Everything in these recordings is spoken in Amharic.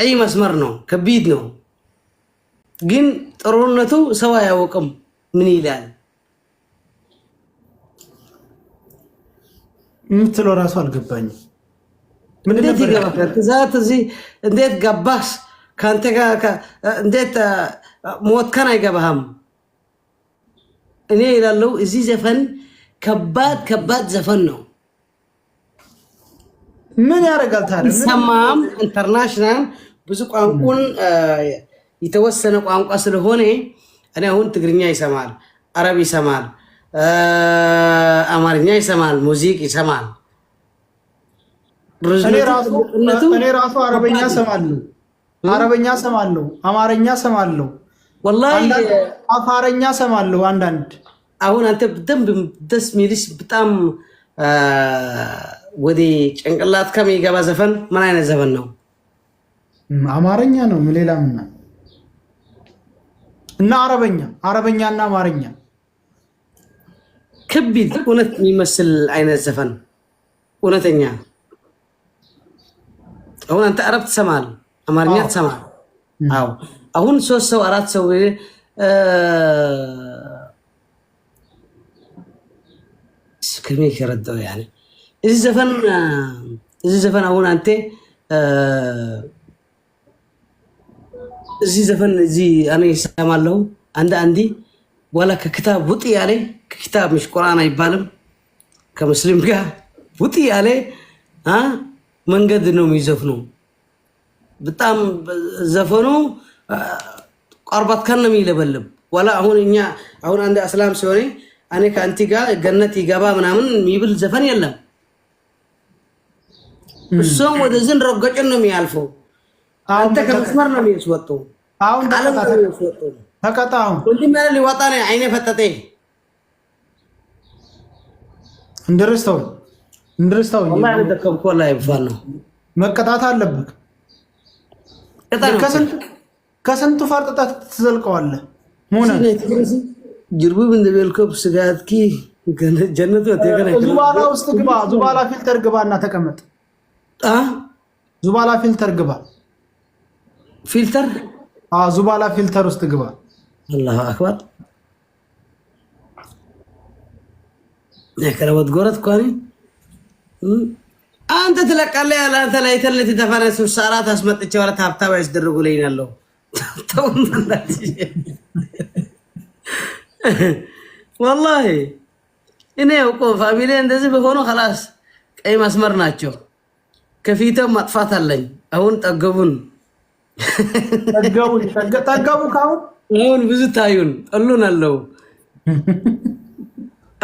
ቀይ መስመር ነው፣ ከቢድ ነው። ግን ጥሩነቱ ሰው አያውቅም። ምን ይላል የምትለው ራሱ አልገባኝም። እንዴት ይገባል? ዛት እዚህ እንዴት ገባስ? ከአንተ ጋር እንዴት ሞትከን አይገባህም። እኔ ይላለው እዚህ ዘፈን ከባድ ከባድ ዘፈን ነው። ምን ያደርጋል ታዲያ? ይሰማም ኢንተርናሽናል ብዙ ቋንቁን የተወሰነ ቋንቋ ስለሆነ እኔ አሁን ትግርኛ ይሰማል፣ አረብ ይሰማል፣ አማርኛ ይሰማል፣ ሙዚቅ ይሰማል። እኔ ራሱ አረበኛ ሰማለሁ፣ አረበኛ ሰማለሁ፣ አማርኛ ሰማለሁ፣ ወላሂ አፋረኛ ሰማለሁ። አንዳንድ አሁን አንተ ደንብ ደስ ሚልሽ በጣም ወደ ጭንቅላት ከሚገባ ዘፈን ምን አይነት ዘፈን ነው? አማርኛ ነው። ሌላ ምና እና አረበኛ አረበኛ እና አማርኛ ክቢድ እውነት የሚመስል አይነት ዘፈን እውነተኛ። አሁን አንተ አረብ ትሰማል፣ አማርኛ ትሰማል። አዎ አሁን ሶስት ሰው አራት ሰው ከሜ ከረዳው ያኔ እዚህ ዘፈን እዚህ ዘፈን አሁን አንተ እዚ ዘፈን እዚ ኣነ ሰማ ኣለው አንድ አንዲ ዋላ ከክታብ ውጥ ያለ ከክታብ ምሽ ቁርአን አይባልም ከሙስሊም ጋ ውጥ ያለ መንገድ ነው የሚዘፍኑ። በጣም ዘፈኑ አርባት ካን ነው የሚለበልብ ዋላ አሁን እኛ አሁን አንድ እስላም ሲሆነ እኔ ከአንቲ ጋ ገነት ይገባ ምናምን የሚብል ዘፈን የለም። እሱም ወደዝን ረገጭን ነው የሚያልፈው አንተ ከመስመር ነው የሚወጣው። አሁን ተቀጣ። አሁን ሊወጣ ነው። አይኔ እንድርስተው እንድርስተው መቀጣት አለብህ። ከስንቱ ትዘልቀዋለህ። ስጋትኪ ጀነቱ ዙባላ ውስጥ ግባ። ዙባላ ፊልተር ግባ እና ተቀመጥ። ዙባላ ፊልተር ግባ ፊልተር ዙባላ ፊልተር ውስጥ ግባ። አላሁ አክበር። የከረበት ጎረት ኳኒ አንተ ትለቃለ ያለ አንተ ላይ ተለት የተፈነ ስብሳ አራት አስመጥቼ ማለት ሀብታም ያስደርጉ ላይ ያለው ወላሂ እኔ እኮ ፋሚሊ እንደዚህ በሆኑ ከላስ ቀይ መስመር ናቸው። ከፊተም ማጥፋት አለኝ። አሁን ጠገቡን ጠገቡ ካሁን አሁን ብዙ ታዩን ጠሉን አለው።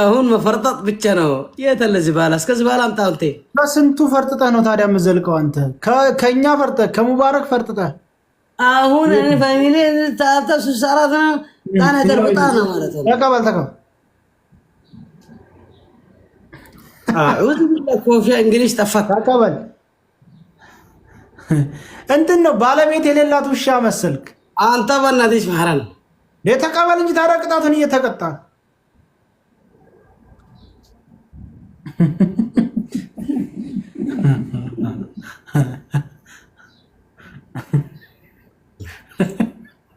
አሁን መፈርጠጥ ብቻ ነው። የተለ ዝባላ እስከ ዝባላ አምጣ። አንተ በስንቱ ፈርጥጠ ነው ታዲያ የምዘልቀው? አንተ ከእኛ ፈርጠ ከሙባረክ ፈርጥጠ አሁን እኔ ፋሚሊ ታታ ሱሳራት ነው ታና ተርጣ ነው ማለት ነው። ተቀበል ተቀበል። ኮፊያ እንግሊዝ ጠፋት። ተቀበል እንትን ነው ባለቤት የሌላት ውሻ መሰልክ አንተ። በእናትሽ ማረን የተቀበል እንጂ ታዲያ ቅጣቱን እየተቀጣ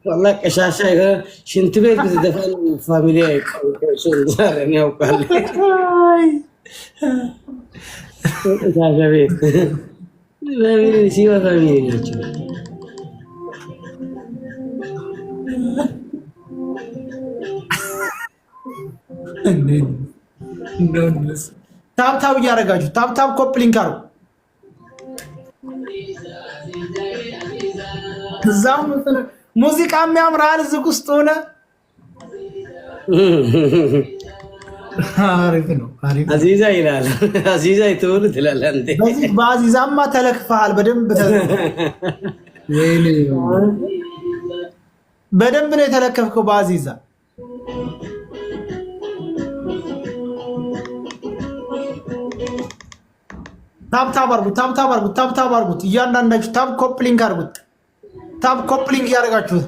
ወላሂ ቀሻሻ ሽንት ቤት ብትደፋ ፋሚሊ ያውቃል። ታብታብ እያደረጋችሁ ታብታብ ኮፕሊንክ አሩ እዛም ሙዚቃ የሚያምርሃል እዚህ ውስጥ ሆነ አሪፍ ነው። አዚዛ ይላል። አዚዛ ትላለህ በአዚዛማ ተለክፈሃል በደንብ በደንብ ነው የተለከፍከው በአዚዛ ታብታብ አርጉት፣ ታብታብ አርጉት፣ ታብታብ አርጉት። እያንዳንዳችሁ ታብ ኮፕሊንግ አርጉት። ታብ ኮፕሊንግ እያደረጋችሁት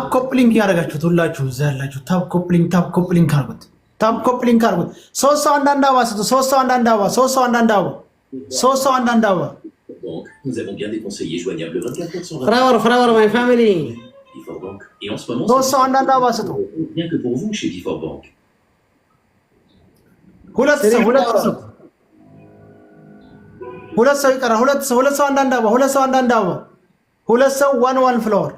ታብ ኮፕሊንግ ያደረጋችሁት ሁላችሁ እዛ ያላችሁ ታብ ኮፕሊንግ ታብ ኮፕሊንግ አርጉት። ታብ ኮፕሊንግ አርጉት። ሶስት ሰው አንዳንድ አበባ ስጡ። ሶስት ሰው አንዳንድ አበባ፣ ሶስት ሰው አንዳንድ አበባ፣ ሶስት ሰው አንዳንድ አበባ። ፍራወር ፍራወር ማይ ፋሚሊ ሶስት ሰው አንዳንድ አበባ ስጡ። ሁለት ሰው ሁለት ሰው ሁለት ሰው ይቀራል። ሁለት ሰው ሁለት ሰው አንዳንድ አበባ፣ ሁለት ሰው አንዳንድ አበባ፣ ሁለት ሰው ዋን ዋን ፍላወር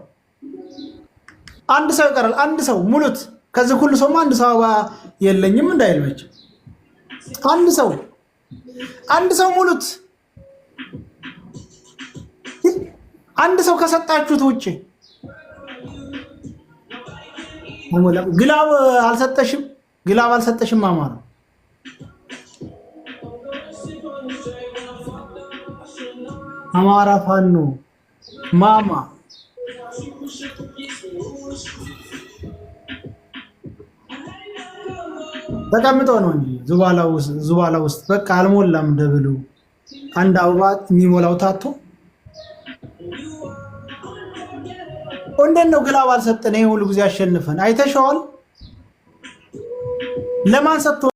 አንድ ሰው ይቀራል። አንድ ሰው ሙሉት። ከዚህ ሁሉ ሰውማ አንድ ሰው አበባ የለኝም እንዳይልመች አንድ ሰው አንድ ሰው ሙሉት። አንድ ሰው ከሰጣችሁት ውጭ ግላብ አልሰጠሽም፣ ግላብ አልሰጠሽም አማራ አማራ ፋኖ ማማ ተቀምጦ ነው እንጂ ዙባላ ውስጥ በቃ አልሞላም ደብሉ አንድ አበባ የሚሞላው ታቶ እንዴት ነው ግላባል አልሰጠን? ይሄ ሁሉ ጊዜ አሸንፈን አይተሸዋል። ለማን ሰጥቶ